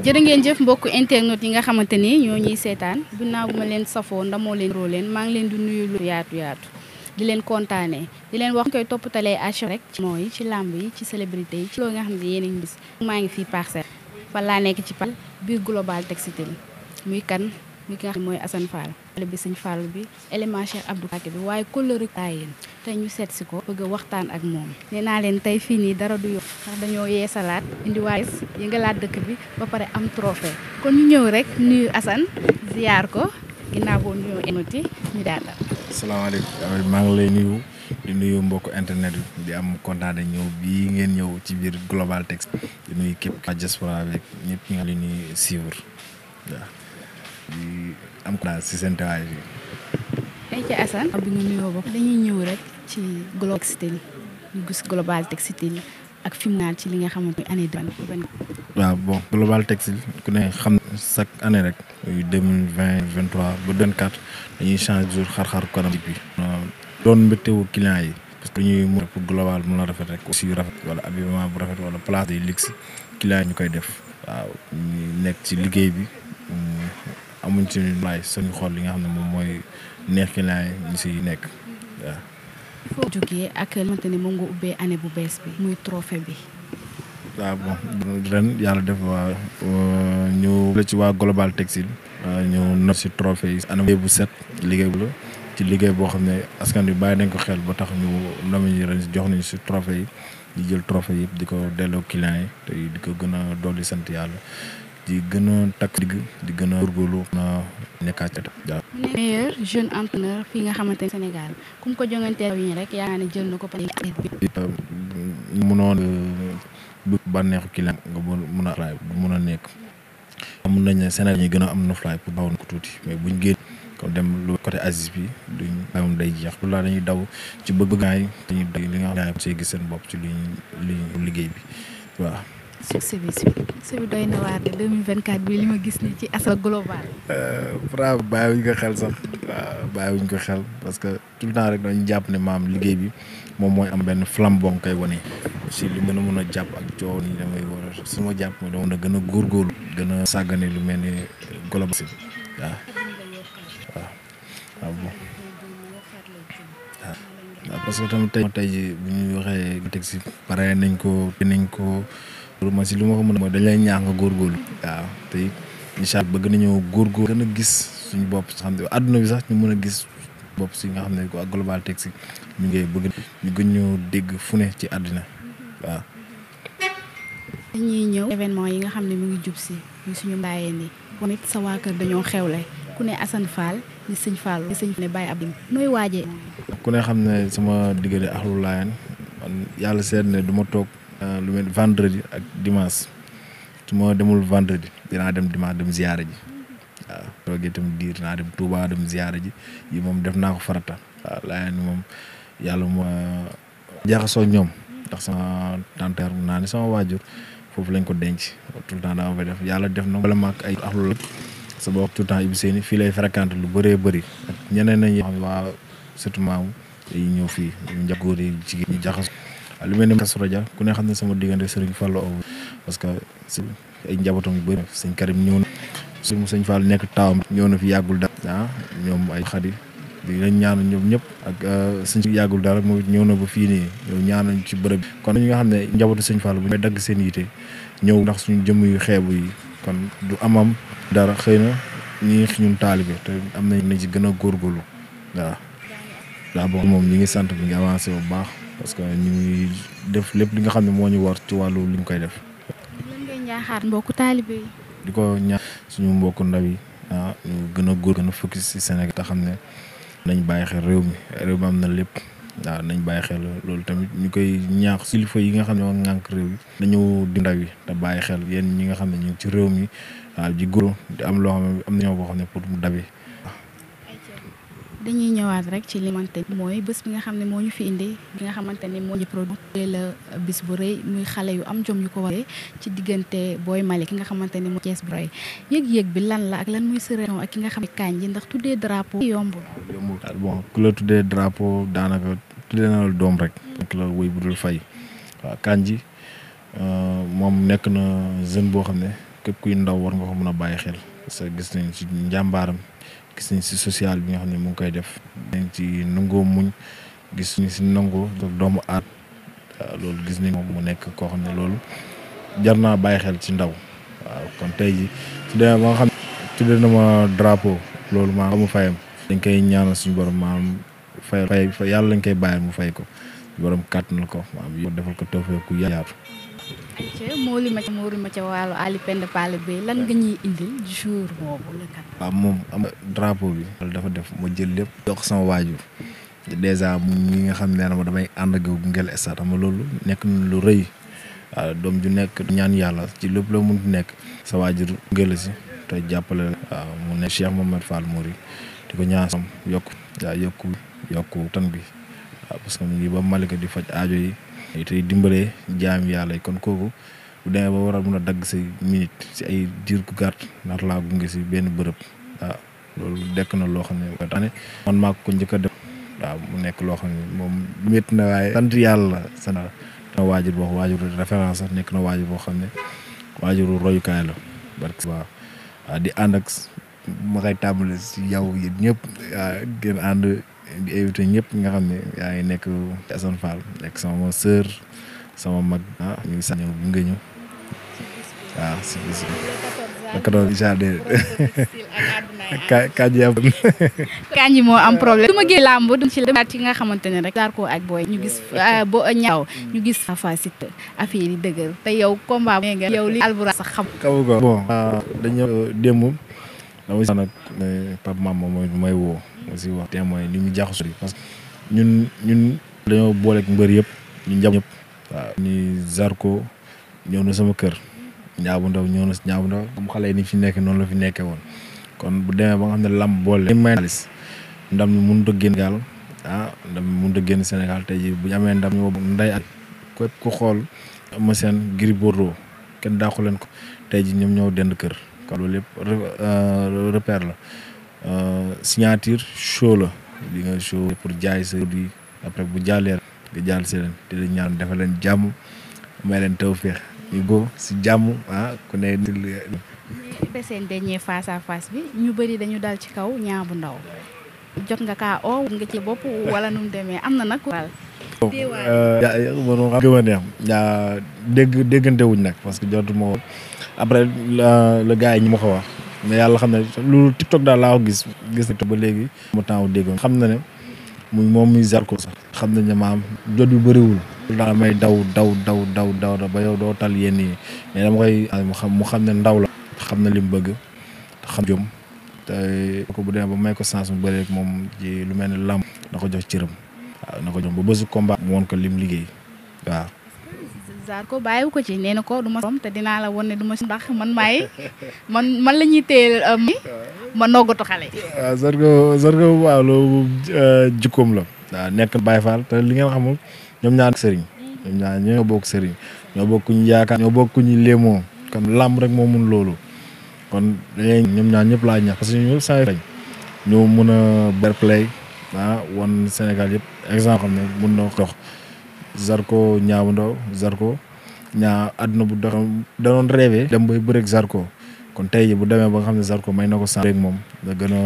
jërë ngeen jëf mbokk internet yi nga xamante ni ñoo ñuy seetaan ginnaaw bu ma leen safoo ndamoo leen roo leen maa ngi leen di nuyu lu yaatu yaatu di leen kontaanee di leen wax koy toppatalee ache rek ci moo yi ci làmb yi ci célébrité yi ci loolu nga xam ne yéen a ngi gis maa ngi fii parcelle fan laa nekk ci pal biir global textile muy kan mi nga xam ne mooy Assane Fall bi sëñ Fall bi élément Cheikh Abdou Kaké bi waaye kóllëru taayeen tey ñu seet si ko bëgg waxtaan ak moom nee naa leen tey fii nii dara du yo ndax dañoo yeesalaat indi waaye yëngalaat dëkk bi ba pare am trophée kon ñu ñëw rek nuyu Assane ziyaar ko ginnaaw boo nuyoo énoti ñu daal salaamaaleykum maa ngi lay nuyu di nuyu mbokk internet bi di am kontaan ak ñëw bii ngeen ñëw ci biir Global Textile di nuyu képp diaspora avec ñëpp ñi di am confiance si seen tawaay bi. ay ca Assane. bu ñu nuyoo ba dañuy ñëw rek ci global textile ñu gis global textile ak fi mu ci li nga xamante ni année deux waaw bon global textile ku ne xam chaque année rek deux mille vingt vingt trois ba vingt quatre dañuy change jour xar-xar kanam bi. doon mbétewu client yi. parce que ñuy mën pour global mun a rafet rek aussi rafet wala habillement bu rafet wala place de luxe client ñu koy def waaw ñu nekk ci liggéey bi amuñ ci laay suñu xool li nga xam ne moom mooy neex ki laay ñu si nekk waaw. foo jógee ak li nga xamante bu bees bi muy trophée bon ren yàlla def waa ñu la ci waa Global Textile ñu no si trophée yi anam bu set liggéey bu la liggéey boo xam ne askan bi bàyyi nañ ko xel ba tax ñu nomi ñu ren jox nañu si trophée yi di jël trophée yëpp di ko delloo client yi te di ko gën a dolli sant yàlla di gën a takk digg di gën a góorgóorlu na nekkaat jàpp. meilleur jeune entraîneur fii nga xamante ne Sénégal ku mu ko jonganteel yi rek yaa ne jël na ko. Euh, ñu mënoon euh, bànneexu kii la nga mën a fly bu mën a nekk. amoon nañ ne Sénégal ñi gën a am na fly pour bawon ko tuuti mais buñ génn comme dem lu côté Aziz bi duñ am day jeex pour laa dañuy daw ci bëgg dañuy li nga xam ne gis seen bopp ci li liggéey bi waaw. succès bi li ma gis ni ci Asra global. bravo euh, bàyyiwuñ ko xel sax waaw bàyyiwuñ ko xel parce que tout temps rek dañu jàpp ne maam liggéey bi moom mooy am benn flambon koy wane. aussi li mën a mën a jàpp ak coow nii damay war a su ma jàpp mooy dama gën a góorgóorlu. gën a sàggane lu mel ni global bi waaw waaw waaw ah bon waaw ah. ah, parce que bu teg si pare nañ ko nañ ko. loolu lu ma ko mën mooy dañ lay ñaax nga góorgóorlu waaw te incha allah bëgg nañoo góorgóor gën a gis suñu bopp xam àdduna adduna bi sax ñu mën a gis bopp si nga xam ne ko ak global si ñu ngi bëgg ñu dégg fu ne ci àddina waaw dañuy ñëw événement yi nga xam ne mu ngi jub si ñu suñu mbaayee ni kon it sa waa kër dañoo xewle ku ne Assane Fall ni sëñ Fall ni sëñ ne Baye Abdou nooy waajee ku ne xam ne sama diggante axlu laayan man yàlla seet ne du ma toog Euh, lu mel vendredi ak dimanche su ma demul vendredi dinaa dem dimanche dem ziyaara ji waaw toog itam diir naa dem Touba dem ziyaara ji yi moom def naa ko farata waaw laayeen moom yàlla ma euh, jaxasoo ñoom ndax sama tanteer mun naa ni sama waajur foofu lañ ko denc tout le temps dama fay def yàlla def na wala maak ay axlu sa bopp tout le temps Ibou Seyni fii lay fréquente lu bëree bari ak ñeneen nañ xam waa surtout maamu dañuy ñëw fii ñu njagóor yi jigéen lu mel ni Kazu Rajab ku ne xam ne sama diggante Serigne Fallou Aw parce que si ay njabootam yu bëri sëñ Karim ñëw na su sëñ Fall nekk taawam ñëw na fi yàggul daal ah ñoom ay xadi di lañ ñaanal ñoom ñëpp ak ah, sëñ yàggul daal moom ñëw na ba fii nii ñëw ñaanal ci bërëb kon ñi nga xam ne njabootu sëñ Fall bu ñu dagg seen yite ñëw ndax suñu jëmm yu xeebu yi kon du amam dara xëy na ñi ñun taalibe te am na nañ na ci gën a góorgóorlu waaw daa boo moom ñi ngi sant bi ngi avancé bu baax parce que ñu ngi def lépp li nga xam ne moo ñu war ci wàllu li ñu koy def. lan ngay yi. di ko ñax suñu mbokku ndaw yi ah ñu gën a góor gën a focus si Sénégal te xam ne nañ bàyyi xel réew mi réew mi am na lépp waaw nañ bàyyi xel loolu tamit ñu koy ñaax kilifa yi nga xam ne moom ŋànk réew yi dañu di ndaw yi te bàyyi xel yéen ñi nga xam ne ñu ngi ci réew mi waaw ji góor di am loo xam ne am na ñoo boo xam ne pour mu dabi dañuy ñëwaat rek ci li xamante mooy bés bi nga xam ne moo ñu fi indi bi nga xamante ni moo ñu produit la bis bu rëy muy xale yu am jom yu ko waree ci diggante Boy Malick ki nga xamante ni mooy Thiès bi rëy yëg-yëg bi lan la ak lan muy sa ak ki nga xam ne kañ ji ndax tuddee drapeau yombul ah, bon ku la tuddee drapeau daanaka tuddee na la doom rek nekk la wéy bu dul fay waaw kañ ji euh, moom nekk na jeune boo xam ne képp kuy ndaw war nga ko mën a bàyyi xel parce gis nañ ci njàmbaaram si nañ si sociale bi nga xam ne mu ngi koy def. nañ ci nangoo muñ gis nañ si nangoo doomu aat loolu gis nañ moom mu nekk koo xam ne loolu jar naa bàyyi xel ci ndaw kon tey ji su demee na ma drapeau loolu maa mu fayam. dañ koy ñaanal suñu borom maam fay yàlla lañ koy bàyyi mu fay ko borom kàttanal ko maam yow defal ko tawfeex ku yaatu. ayca Mawli Mathia Mawli Waalo Ali Penda Pala Bay lan nga ñuy indil jour boobu la kat. moom am drapeau bi. dafa def ma jël lépp. jox sama waajur dèjà moom mi nga xam ne ma damay ànd ak ngel estat xam nga loolu nekk na lu rëy doom ju nekk. ñaan yàlla ci lépp la mun nekk. sa waajur ngel si te jàppale waaw mu ne Cheikh Mohamed Fall Mouri di ko ñaan sam yokku waaw yokku yokku tan bi waaw parce que mu ngi di faj aajo yi. tey dimbalee jaam yàlla yi kon kooku bu demee ba war a mun a dagg si minute si ay diir gu gàtt ndax laa gunge si benn bërëb loolu dekk na loo xam ne tax ne man maa ko njëkk a def waaw mu nekk loo xam ne moom métti na waaye sant yàlla sant na waajur boo waajur référence nekk na waajur boo xam ne waajuru royukaay la barke waaw di ànd ak ma koy tàmbale si yow yéen ñëpp waaw ànd di invité ñëpp nga xam ne yaa ngi nekk ci Assane Fall nekk sama sœur sama mag ah ñu ngi sañoon bu nga ñu waaw ah, si bis bi. Macaron jardin moo am problème. su ma gee làmb du nga xamante ne rek. daar koo ak booy ñu gis ah, bo ñaaw ah, ñu gis. Tapha Siteu affaire yi dëgër te yow combat nga yow li Albourakh sax xam. kaw ko bon dañu ñëw aussi wax témoin li ñu jaaxu sori parce que ñun ñun dañoo booleeg mbër yëpp ñu jàpp ñëpp waaw ñu Zarko ñëw na sama kër ñaabu ndaw ñëw na ñaabu ndaw comme xale yi ni fi nekkee noonu la fi nekkee woon kon bu demee ba nga xam ne làmb boole may xaalis ndam ñu mënut a génn gaal ah ndam ñu génn Sénégal tey jii bu ñu amee ndam ñu nday ak képp ku xool ama seen Gris Bordeaux kenn daaxu leen ko tey ji ñoom ñoo dend kër kon loolu yëpp euh, repère la signature show la di nga show pour jaay sa di après bu jàllee nga jàll si leen di leen ñaan defal leen jàmm may leen tawféex ñu góob si jàmm ah ku ne. mais seen dernier face à face bi ñu bëri dañu dal ci kaw Niang bu Ndaw jot nga kaa oo nga ci bopp wala nu mu demee am na nag. waaw xam neex dégg déggante wuñ nag parce que jotuma après la gars yi ñu ma ko wax. mais yàlla xam ne loolu TikTok daal laa ko gis gis na ba léegi. mu temps dégg xam na ne muy moom muy Zarko sax. xam nañ ne maam jot yu bëriwul. daa may daw daw daw daw daw ba yow doo tal yenn yi mais mu xam ne ndaw la. xam na li mu bëgg te xam jom te ko bu demee ba may ko sens mu bëree moom lu mel ne làmb na ko jox cëram. waaw na ko jox ba bésu combat. mu woon ko lim liggéey waaw. Lazare ko bàyyiwu ko ci nee na ko du ma te dinaa la won ne du ma si ndax man maay man man la ñuy téye euh, ma noggatu xale. waaw Zarko Zarko waaw loolu euh, jikkoom la. waaw nekk Baye Fall te li ngeen xamul ñoom ñaar sëriñ ñoom ñaar ñoo bokk sëriñ ñoo bokk ñu yaakaar ñoo bokk ñu léemoo kon làmb rek moo mun loolu kon dañuy ñoom ñaar ñëpp laa ñax parce que ñun saa lañ ñoo mun a berplay ah wan Sénégal yëpp exemple xam ne mun na dox. Zarko ñaaw ndaw Zarko ñaa àdduna bu doxam danoon rêvé. dem bay bëreeg Zarko kon tey bu demee ba nga xam ne Zarko may na ko sànq. moom da gën a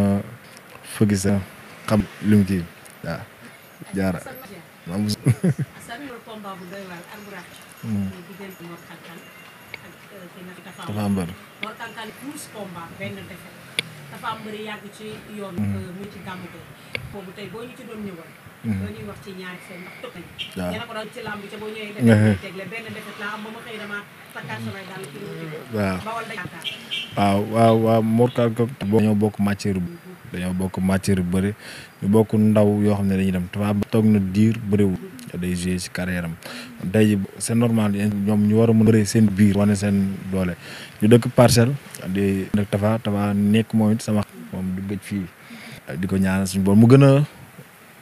sa xam lu mu ba ñuy waaw bawal dañ waaw waaw waaw boo mm-hmm. dañoo bokk matière dañoo bokk matière bëri ñu bokk ndaw yoo xam ne dañuy dem Tapha toog na diir bëriwul mm-hmm. day joué si carrière c'est normal ñoom ñu war a mën a bëri seen biir wane seen doole ñu dëkk parcelle di nag Tapha Tapha nekk moom sama moom du gëj fii mm-hmm. di ko ñaanal suñu borom mu gën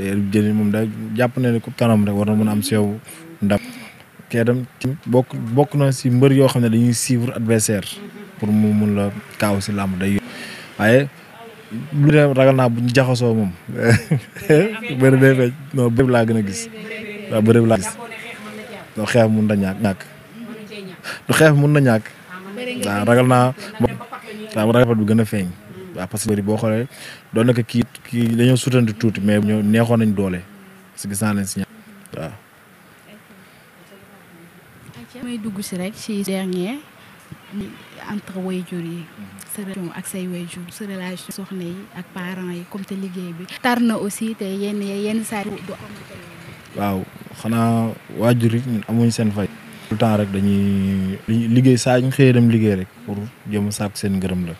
day jëli moom day jàpp na ne ku kanam rek war na mën a am si yow ndam. kee tam bokk bokk na si mbër yoo xam ne dañuy suivre adversaire pour mu mun la kaaw si làmb day waaye lu ne ragal naa bu jaxasoo moom bëri day feeñ laa gën a gis waaw bëri laa gis do xeex mun na ñàkk ñàkk du na ñàkk ragal naa waaw gën a feeñ waaw boo xoolee doon na kii dañoo sutanti tuuti mais ñoo neexoon nañ doole parce que gis naa leen si ñaar may dugg si rek ci dernier entre wayjur yi. Mhm. sa relation ak say wayjur sa relation soxna yi ak parents yi comme te liggéey bi. tar na aussi te yenn yenn saa yi du am. waaw xanaa waajur yi amuñ seen fay. tout le temps rek dañuy liggéey saa ñu xëyee dem liggéey rek pour jëm sàkk seen ngërëm la.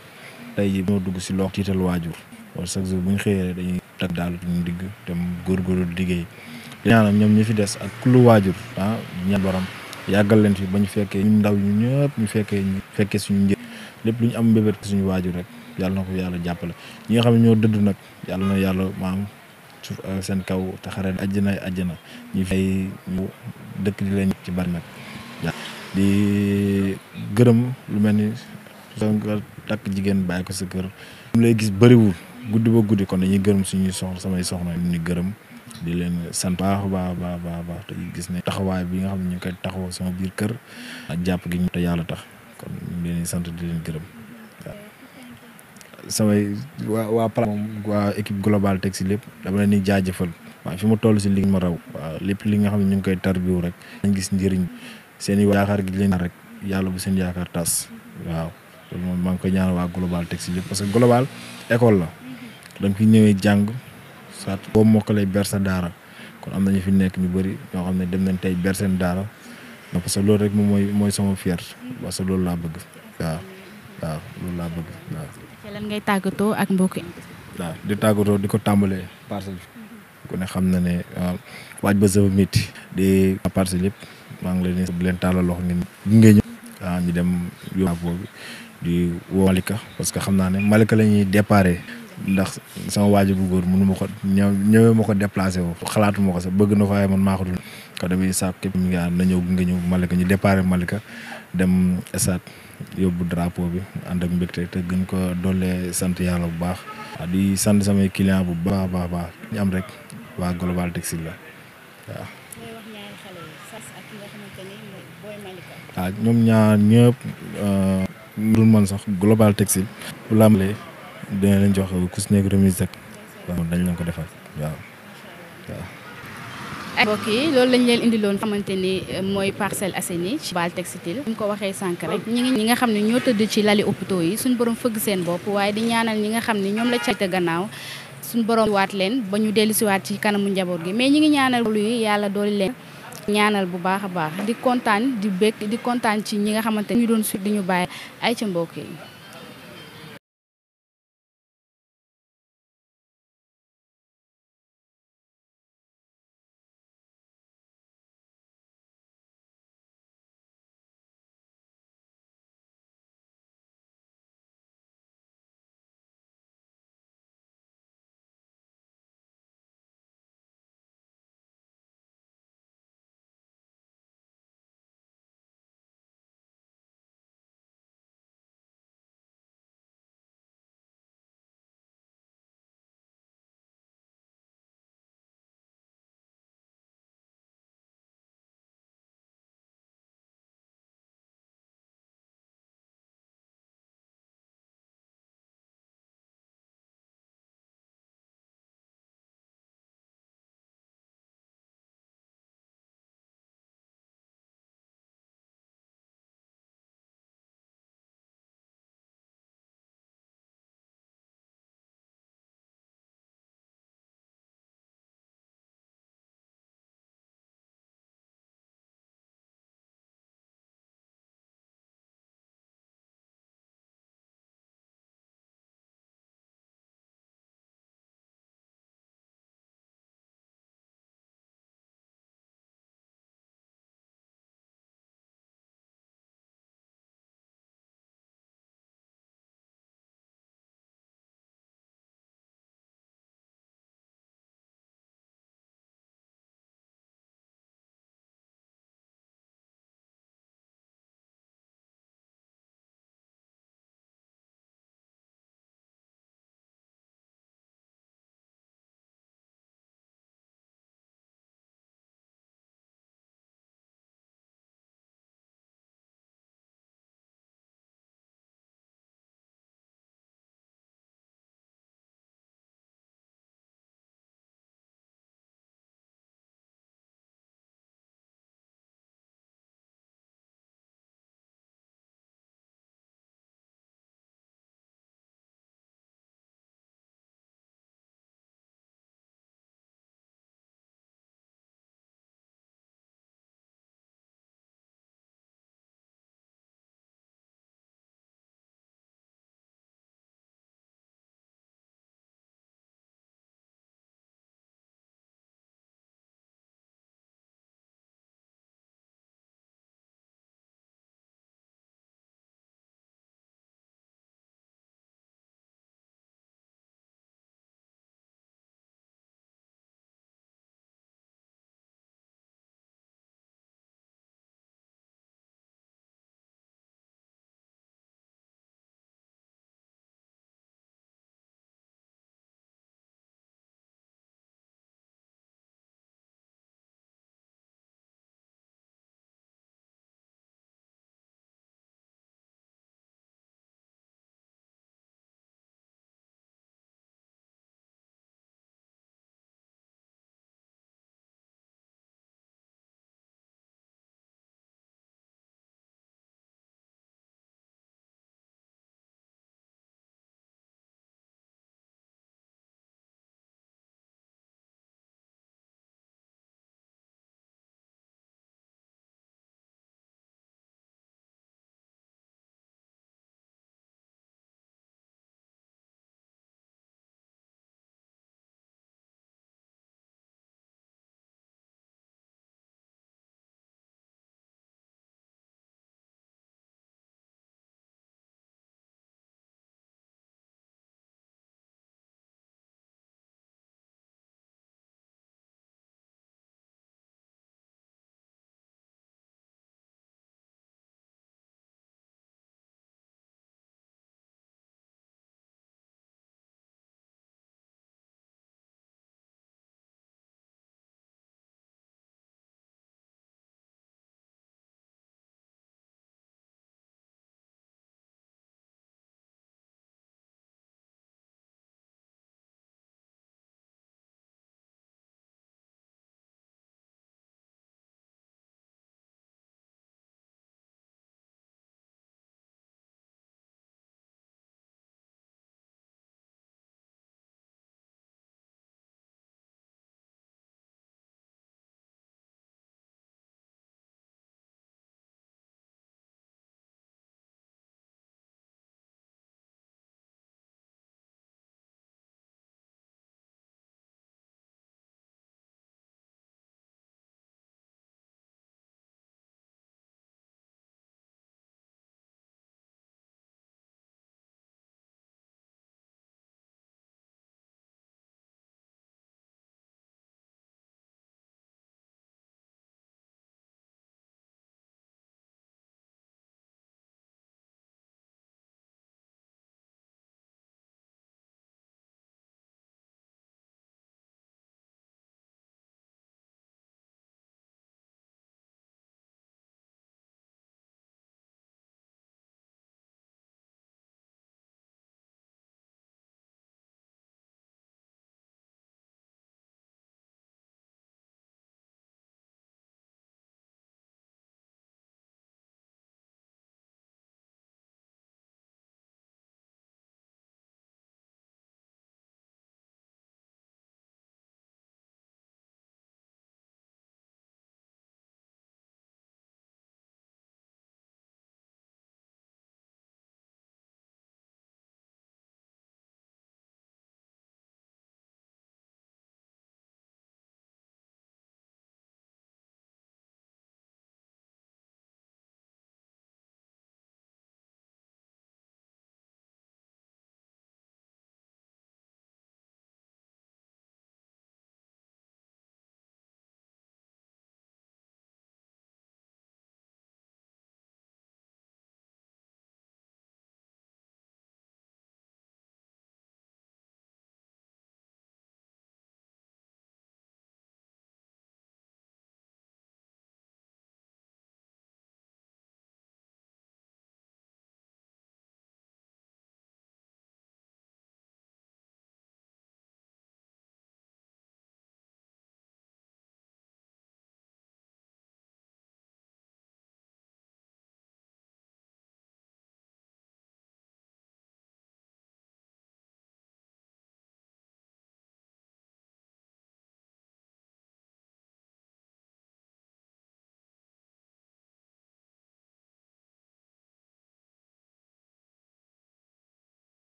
tey jii ñoo dugg si loxo tiital waajur. wala chaque jour bu ñu xëyee dañuy teg daal ñu digg dem góorgóorlu liggéey di ñaanal ñoom ñi fi des ak ku lu waajur ah borom yàggal leen fi ba ñu fekkee ñu ndaw ñu ñëpp ñu fekkee ñu fekkee suñu njëriñ lépp lu ñu am mbébét suñu waajur rek yàlla na ko yàlla jàppale ñi nga xam ñoo dëdd nag yàlla na yàlla maam suuf ah, seen kaw taxare àjjana àjjana ñu fi ay ñu dëkk di leen ci bari nag di gërëm lu mel ni soo nga takk jigéen bàyyi ko sa kër mu lay gis bëriwul guddi ba guddi kon dañuy gërëm suñuy soxna samay soxna ni gërëm di leen sant baax baax baax baax baax te gis ne taxawaay bi nga xam ne ñu ngi koy taxawoo sama biir kër ak jàpp gi ñu te yàlla tax kon ñu sant di leen gërëm samay waa waa Pala moom waa équipe globale teg si lépp dama leen di jaajëfal waaw fi mu toll si li ma raw waaw li nga xam ñu ngi koy tarbiw rek dañ gis njëriñ seen i yaakaar gi leen rek yàlla bu seen yaakaar tas waaw loolu moom maa ngi koy ñaan waa global teg si lépp parce que global école la da nga fi ñëwee jàng soit boo mokkalee ber sa daara kon am nañu fi nekk ñu bëri ñoo xam ne dem nañ tey ber seen daara na parce que loolu rek moom mooy mooy sama fier parce que loolu laa bëgg waaw loolu laa bëgg waaw. lan ak mbokk di tàggatoo di ko tàmbalee parcelle bi ku xam na ne waaj ba sëb métti di parcelle yëpp maa ngi leen di leen tàllal loxo ngeen ñu. waaw ñu dem di woo Malika parce que xam naa ne Malika lañuy ñuy ndax sama waajur bu góor mënu ma ko ñëwee ma ko déplacé wu xalaatu ma ko sax bëgg na fa waaye man maa ko dul ko damay sàpp képp mi ngi ànd na ñëw nga ñëw Malika ñu dem stade yóbbu drapeau bi ànd ak mbégte te ko doolee sant yàlla bu baax di sant samay client bu baax baax baax ñu am rek waa Global Textile la waaw waaw ñaar ñëpp euh, dul man sax Global Textile bu lamlee dina leen jox ku si nekk dañ leen ko defal waaw waaw. mbokk yi loolu lañ leen indiloon xamante ni euh, mooy Parcelles Assainies ci Baal Textile ñu ko waxee sànq rek ñi nga xam ne ñoo tëdd ci lali hôpitaux yi suñ borom fëgg seen bopp waaye di ñaanal ñi nga xam ne ñoom la ca gannaaw suñu boroom waat leen ba ñu dellu siwaat ci kanamu njaboot gi mais ñi ngi ñaanal lu yàlla dooli leen ñaanal bu baax a baax di kontaan di bëgg di kontaan ci ñi nga xamante ni ñu doon su di ñu bàyyi ay ca mbokk yi